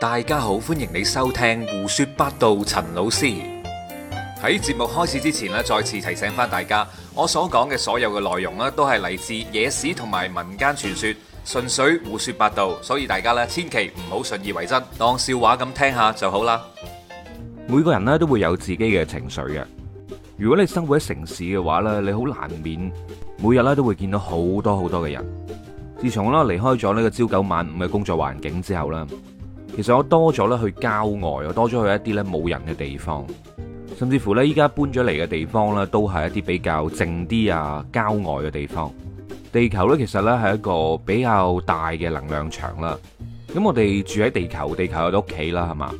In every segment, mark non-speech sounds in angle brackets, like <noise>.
大家好，歡迎你收聽胡說八道。陳老師喺節目開始之前咧，再次提醒翻大家，我所講嘅所有嘅內容咧，都係嚟自野史同埋民間傳說，純粹胡說八道，所以大家咧千祈唔好信以為真，當笑話咁聽下就好啦。每個人咧都會有自己嘅情緒嘅。如果你生活喺城市嘅話咧，你好難免每日咧都會見到好多好多嘅人。自從我離開咗呢個朝九晚五嘅工作環境之後咧。其實我多咗咧去郊外，我多咗去一啲咧冇人嘅地方，甚至乎呢依家搬咗嚟嘅地方咧，都係一啲比較靜啲啊郊外嘅地方。地球呢，其實呢係一個比較大嘅能量場啦。咁我哋住喺地球，地球有屋企啦，係嘛？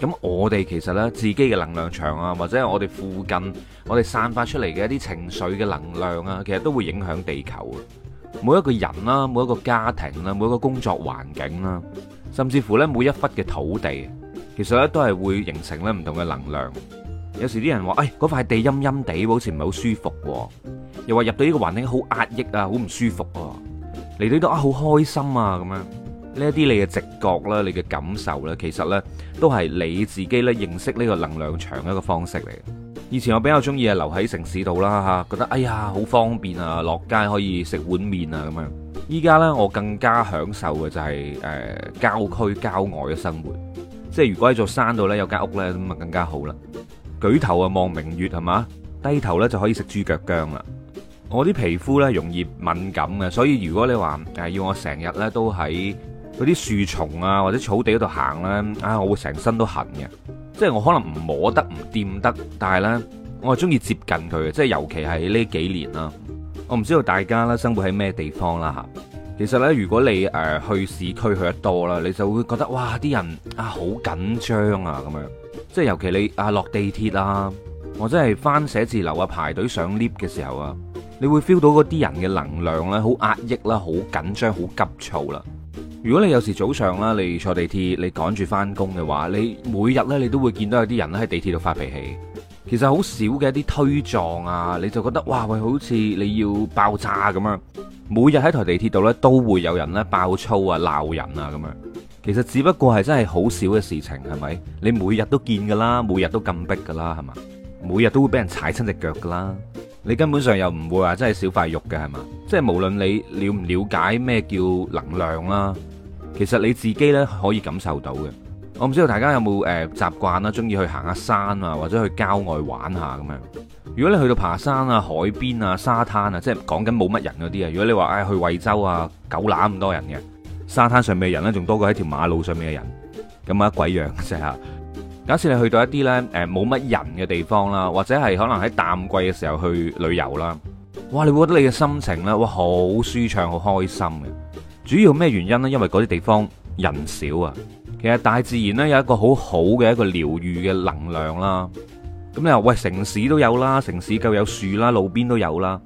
咁我哋其實呢，自己嘅能量場啊，或者係我哋附近我哋散發出嚟嘅一啲情緒嘅能量啊，其實都會影響地球啊。每一個人啦，每一個家庭啦，每一個工作環境啦。甚至乎咧，每一忽嘅土地，其實咧都係會形成咧唔同嘅能量。有時啲人話：誒、哎、嗰塊地陰陰地，好似唔係好舒服。又話入到呢個環境好壓抑啊，好唔舒服。嚟到呢度啊，好開心啊，咁樣呢一啲你嘅直覺啦，你嘅感受啦，其實呢都係你自己咧認識呢個能量場一個方式嚟。以前我比較鍾意啊，留喺城市度啦，嚇，覺得哎呀好方便啊，落街可以食碗麵啊，咁樣。依家咧，我更加享受嘅就係、是、誒、呃，郊區郊外嘅生活，即係如果喺座山度咧有間屋咧，咁啊更加好啦。舉頭啊望明月係嘛，低頭咧就可以食豬腳姜啦。我啲皮膚咧容易敏感嘅，所以如果你話誒要我成日咧都喺嗰啲樹叢啊或者草地嗰度行咧，啊我會成身都痕嘅。即係我可能唔摸得唔掂得，但係咧我係中意接近佢，即係尤其係呢幾年啦。我唔知道大家啦，生活喺咩地方啦吓。其實呢，如果你誒、呃、去市區去得多啦，你就會覺得哇，啲人啊好緊張啊咁樣。即係尤其你啊落地鐵啊，或者係翻寫字樓啊排隊上 lift 嘅時候啊，你會 feel 到嗰啲人嘅能量咧好壓抑啦，好緊張，好急躁啦。如果你有時早上啦，你坐地鐵，你趕住翻工嘅話，你每日呢，你都會見到有啲人喺地鐵度發脾氣。其實好少嘅一啲推撞啊，你就覺得哇喂，好似你要爆炸咁樣。每日喺台地鐵度呢，都會有人呢爆粗啊、鬧人啊咁樣。其實只不過係真係好少嘅事情，係咪？你每日都見噶啦，每日都咁逼噶啦，係嘛？每日都會俾人踩親隻腳噶啦。你根本上又唔會話真係小塊肉嘅係嘛？即係無論你了唔了解咩叫能量啦、啊，其實你自己呢，可以感受到嘅。我唔知道大家有冇誒習慣啦，中、呃、意去行下山啊，或者去郊外玩下咁樣。如果你去到爬山啊、海邊啊、沙灘啊，即係講緊冇乜人嗰啲啊。如果你話唉、哎、去惠州啊，狗乸咁多人嘅沙灘上面嘅人咧，仲多過喺條馬路上面嘅人，咁啊鬼樣嘅啫。假設你去到一啲咧誒冇乜人嘅地方啦，或者係可能喺淡季嘅時候去旅遊啦，哇！你會覺得你嘅心情咧哇好舒暢，好開心嘅。主要咩原因咧？因為嗰啲地方人少啊。其實大自然咧有一個好好嘅一個療癒嘅能量啦，咁你話喂，城市都有啦，城市夠有樹啦，路邊都有啦，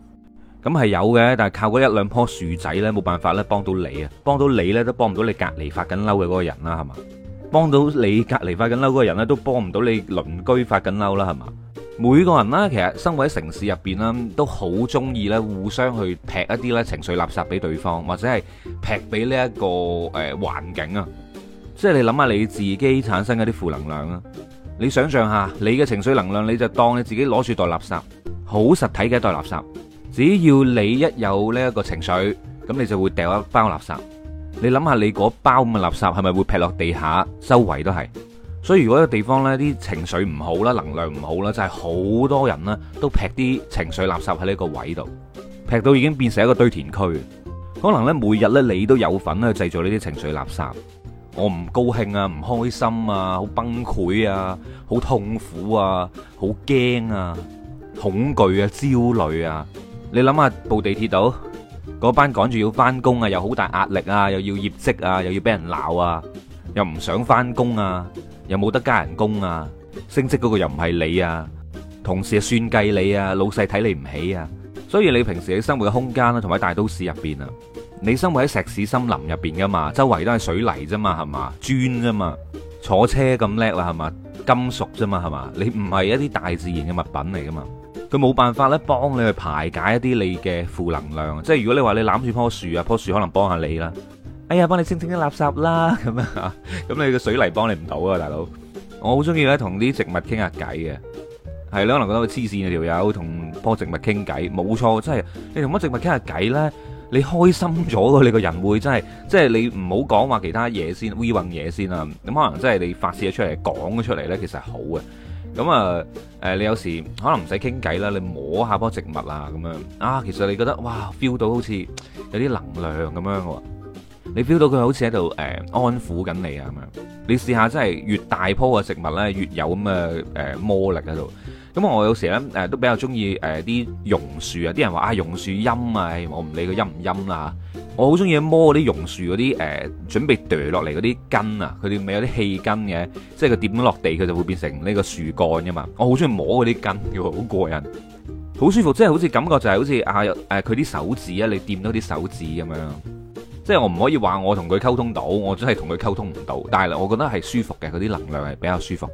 咁係有嘅，但係靠嗰一兩棵樹仔呢，冇辦法咧幫到你啊，幫到你呢，都幫唔到你隔籬發緊嬲嘅嗰個人啦，係嘛？幫到你隔籬發緊嬲嗰個人呢，都幫唔到你鄰居發緊嬲啦，係嘛？每個人呢，其實生活喺城市入邊啦，都好中意呢，互相去劈一啲呢情緒垃圾俾對方，或者係劈俾呢一個誒環境啊。即係你諗下你自己產生嗰啲負能量啊。你想象下你嘅情緒能量，你就當你自己攞住袋垃圾，好實體嘅一袋垃圾。只要你一有呢一個情緒，咁你就會掉一包垃圾。你諗下你嗰包咁嘅垃圾係咪會劈落地下，周圍都係。所以如果一個地方呢啲情緒唔好啦，能量唔好啦，就係好多人呢都劈啲情緒垃圾喺呢個位度，劈到已經變成一個堆填區。可能呢，每日呢，你都有份去製造呢啲情緒垃圾。我唔高興啊，唔開心啊，好崩潰啊，好痛苦啊，好驚啊，恐懼啊，焦慮啊。你諗下，坐地鐵度，嗰班趕住要翻工啊，又好大壓力啊，又要業績啊，又要俾人鬧啊，又唔想翻工啊，又冇得加人工啊，升職嗰個又唔係你啊，同事啊算計你啊，老細睇你唔起啊，所以你平時你生活嘅空間啊，同埋大都市入邊啊。你生活喺石屎森林入邊噶嘛？周圍都係水泥啫嘛，係嘛？磚啫嘛？坐車咁叻啦，係嘛？金屬啫嘛，係嘛？你唔係一啲大自然嘅物品嚟噶嘛？佢冇辦法咧，幫你去排解一啲你嘅負能量。即係如果你話你攬住棵樹啊，棵樹可能幫下你啦。哎呀，幫你清清啲垃圾啦，咁啊，咁 <laughs> 你個水泥幫你唔到啊，大佬。我好中意咧，同啲植物傾下偈嘅。係咯，可能覺得我黐線條友同樖植物傾偈，冇錯，真係，你同乜植物傾下偈咧？你開心咗，你個人會真係，即係你唔好講話其他嘢 <noise> 先，we 揾嘢先啦。咁可能真係你發泄出嚟，講咗出嚟呢，其實好嘅。咁啊，誒、呃，你有時可能唔使傾偈啦，你摸下棵植物啊，咁樣啊，其實你覺得哇，feel 到好似有啲能量咁樣喎。你 feel 到佢好似喺度誒安撫緊你啊咁樣。你試下真係越大棵嘅植物呢，越有咁嘅誒魔力喺度。咁我有時咧，誒都比較中意誒啲榕樹啊，啲人話啊，榕樹陰啊，我唔理佢陰唔陰啊。我好中意摸嗰啲榕樹嗰啲誒，準備掉落嚟嗰啲根啊，佢哋咪有啲氣根嘅，即係佢掂咗落地，佢就會變成呢個樹幹噶嘛。我好中意摸嗰啲根，好過癮，好舒服，即係好似感覺就係好似啊誒佢啲手指啊，你掂到啲手指咁樣，即係我唔可以話我同佢溝通到，我真係同佢溝通唔到，但係我覺得係舒服嘅，佢啲能量係比較舒服。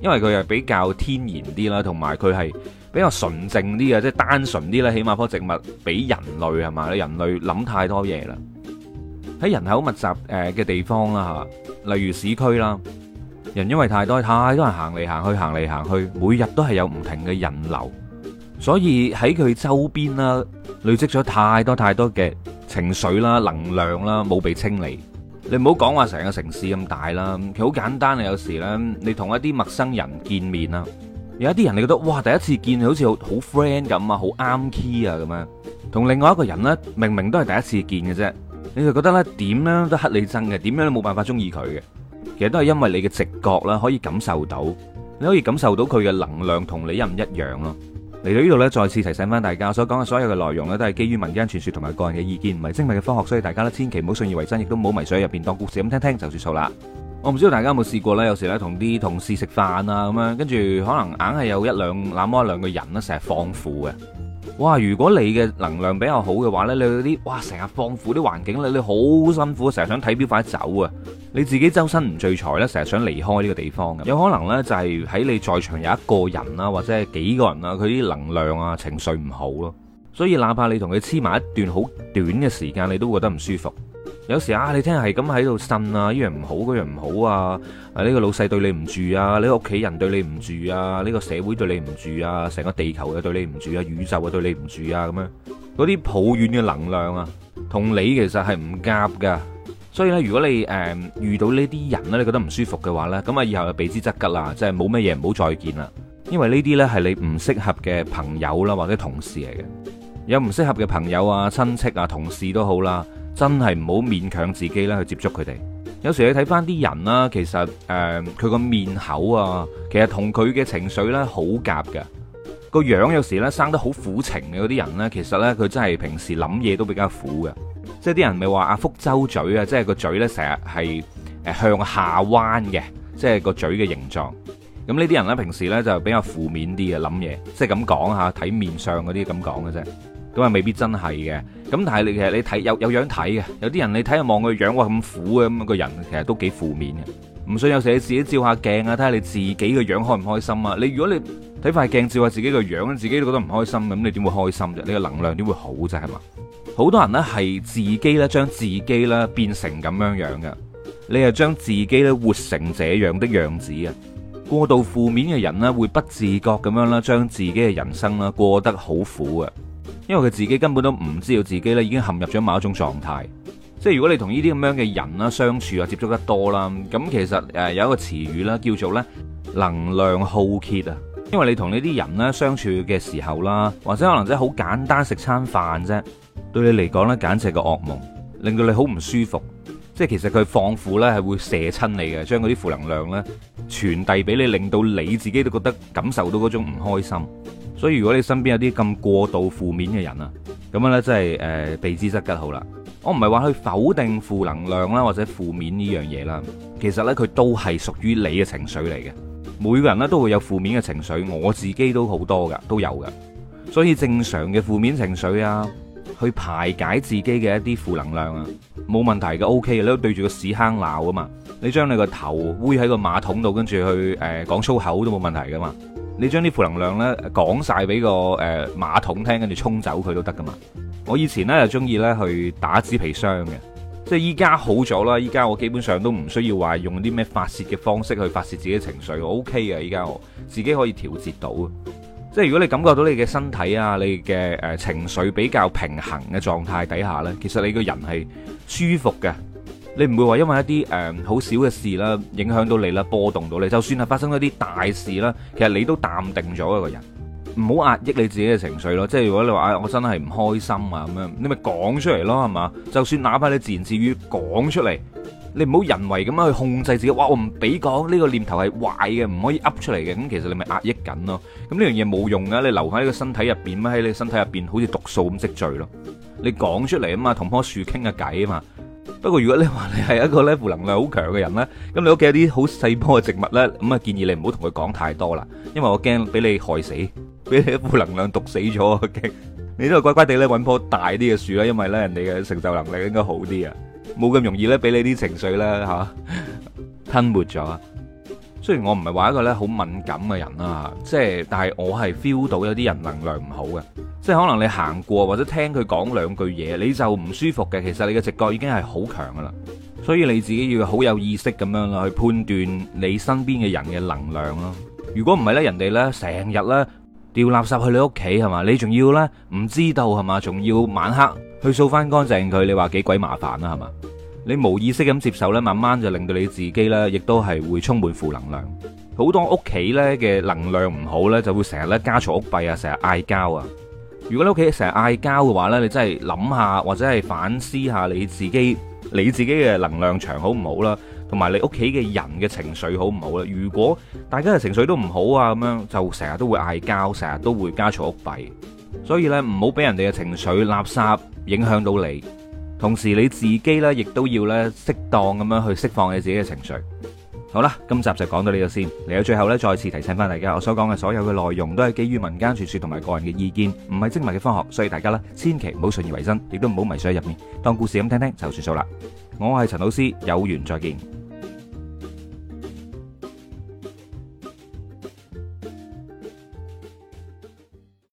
因為佢係比較天然啲啦，同埋佢係比較純淨啲嘅，即係單純啲啦。起碼棵植物比人類係嘛，人類諗太多嘢啦。喺人口密集誒嘅地方啦吓，例如市區啦，人因為太多，太多人行嚟行去，行嚟行去，每日都係有唔停嘅人流，所以喺佢周邊啦累積咗太多太多嘅情緒啦、能量啦，冇被清理。你唔好講話成個城市咁大啦，其實好簡單啊！有時呢，你同一啲陌生人見面啦，有一啲人你覺得哇，第一次見好似好 friend 咁啊，好啱 key 啊咁樣，同另外一個人呢，明明都係第一次見嘅啫，你就覺得呢點樣都乞你憎嘅，點樣都冇辦法中意佢嘅。其實都係因為你嘅直覺啦，可以感受到，你可以感受到佢嘅能量同你一唔一樣咯。嚟到呢度咧，再次提醒翻大家，所講嘅所有嘅內容咧，都係基於民間傳說同埋個人嘅意見，唔係精密嘅科學，所以大家咧千祈唔好信以為真，亦都唔好迷信入邊當故事咁聽聽就算數啦。我唔知道大家有冇試過呢？有時咧同啲同事食飯啊，咁樣跟住可能硬係有一兩、那麼一兩個人咧，成日放苦嘅。哇！如果你嘅能量比較好嘅話咧，你嗰啲哇，成日放負啲環境，你你好辛苦，成日想睇表快走啊！你自己周身唔聚財咧，成日想離開呢個地方嘅，有可能呢，就係喺你在場有一個人啊，或者係幾個人啊，佢啲能量啊，情緒唔好咯，所以哪怕你同佢黐埋一段好短嘅時間，你都覺得唔舒服。有時啊，你聽日係咁喺度呻啊，依樣唔好，嗰樣唔好啊！啊，呢、這個老細對你唔住啊，呢、這個屋企人對你唔住啊，呢、這個社會對你唔住啊，成個地球又對你唔住啊，宇宙又對你唔住啊咁樣，嗰啲抱怨嘅能量啊，同你其實係唔夾㗎。所以咧，如果你誒、呃、遇到呢啲人咧，你覺得唔舒服嘅話呢，咁啊以後就避之則吉啦，即係冇乜嘢唔好再見啦。因為呢啲呢，係你唔適合嘅朋友啦，或者同事嚟嘅。有唔適合嘅朋友啊、親戚啊、同事都好啦。真係唔好勉強自己咧去接觸佢哋。有時你睇翻啲人啦，其實誒佢個面口啊，其實同佢嘅情緒呢好夾㗎。個樣有時呢，生得好苦情嘅嗰啲人呢，其實呢，佢真係平時諗嘢都比較苦嘅。即係啲人咪話阿福州嘴啊，即係個嘴呢成日係向下彎嘅，即係個嘴嘅形狀。咁呢啲人呢，平時呢就比較負面啲嘅諗嘢，即係咁講下，睇面相嗰啲咁講嘅啫。咁啊，未必真係嘅。咁但係你其實你睇有有樣睇嘅，有啲人你睇下望佢樣，哇咁苦嘅，咁個人其實都幾負面嘅。唔信有時你自己照下鏡啊，睇下你自己個樣開唔開心啊。你如果你睇塊鏡照下自己個樣，自己都覺得唔開心嘅，咁你點會開心啫？你個能量點會好啫？係嘛？好多人呢係自己呢將自己呢變成咁樣樣嘅，你係將自己呢活成這樣的樣子嘅。過度負面嘅人呢，會不自覺咁樣啦，將自己嘅人生啦過得好苦啊。因為佢自己根本都唔知道自己咧已經陷入咗某一種狀態，即係如果你同呢啲咁樣嘅人啦相處啊接觸得多啦，咁其實誒有一個詞語啦叫做咧能量耗竭啊，因為你同呢啲人咧相處嘅時候啦，或者可能即係好簡單食餐飯啫，對你嚟講咧簡直係個噩夢，令到你好唔舒服，即係其實佢放負咧係會射親你嘅，將嗰啲負能量咧傳遞俾你，令到你自己都覺得感受到嗰種唔開心。所以如果你身邊有啲咁過度負面嘅人啊，咁樣咧真係誒避之則吉好啦。我唔係話去否定負能量啦，或者負面呢樣嘢啦。其實呢，佢都係屬於你嘅情緒嚟嘅。每個人呢，都會有負面嘅情緒，我自己都好多噶，都有噶。所以正常嘅負面情緒啊，去排解自己嘅一啲負能量啊，冇問題嘅，OK 嘅。你都對住個屎坑鬧啊嘛，你將你個頭煨喺個馬桶度，跟住去誒、呃、講粗口都冇問題噶嘛。你將啲負能量咧講晒俾個誒、呃、馬桶聽，跟住沖走佢都得噶嘛。我以前呢就中意咧去打紙皮箱嘅，即係依家好咗啦。依家我基本上都唔需要話用啲咩發泄嘅方式去發泄自己情緒，我 OK 嘅。依家我自己可以調節到，即係如果你感覺到你嘅身體啊，你嘅誒、呃、情緒比較平衡嘅狀態底下呢，其實你個人係舒服嘅。你唔會話因為一啲誒好少嘅事啦，影響到你啦，波動到你。就算係發生一啲大事啦，其實你都淡定咗一個人，唔好壓抑你自己嘅情緒咯。即係如果你話啊，我真係唔開心啊咁樣，你咪講出嚟咯，係嘛？就算哪怕你自言自語講出嚟，你唔好人為咁樣去控制自己。哇，我唔俾講呢個念頭係壞嘅，唔可以噏出嚟嘅。咁其實你咪壓抑緊咯。咁呢樣嘢冇用噶，你留喺呢個身體入邊，咪喺你身體入邊好似毒素咁積聚咯。你講出嚟啊嘛，同棵樹傾下偈啊嘛。不過如果你話你係一個咧負能量好強嘅人咧，咁你屋企有啲好細棵嘅植物咧，咁啊建議你唔好同佢講太多啦，因為我驚俾你害死，俾你一負能量毒死咗啊！驚你都係乖乖地咧搵棵大啲嘅樹啦，因為咧人哋嘅承受能力應該好啲啊，冇咁容易咧俾你啲情緒啦，吓吞沒咗啊！雖然我唔係話一個咧好敏感嘅人啦，即係但係我係 feel 到有啲人能量唔好嘅，即係可能你行過或者聽佢講兩句嘢，你就唔舒服嘅。其實你嘅直覺已經係好強噶啦，所以你自己要好有意識咁樣咯，去判斷你身邊嘅人嘅能量咯。如果唔係咧，人哋咧成日咧掉垃圾去你屋企係嘛，你仲要咧唔知道係嘛，仲要晚黑去掃翻乾淨佢，你話幾鬼麻煩啊係嘛？你冇意識咁接受咧，慢慢就令到你自己咧，亦都係會充滿負能量。好多屋企咧嘅能量唔好咧，就會成日咧家嘈屋閉啊，成日嗌交啊。如果你屋企成日嗌交嘅話咧，你真係諗下或者係反思下你自己，你自己嘅能量場好唔好啦，同埋你屋企嘅人嘅情緒好唔好啦。如果大家嘅情緒都唔好啊，咁樣就成日都會嗌交，成日都會家嘈屋閉。所以咧，唔好俾人哋嘅情緒垃圾影響到你。同時你自己咧，亦都要咧適當咁樣去釋放你自己嘅情緒。好啦，今集就講到呢度先。嚟到最後咧，再次提醒翻大家，我所講嘅所有嘅內容都係基於民間傳説同埋個人嘅意見，唔係精密嘅科學，所以大家咧，千祈唔好信以為真，亦都唔好迷上喺入面，當故事咁聽聽就算數啦。我係陳老師，有緣再見。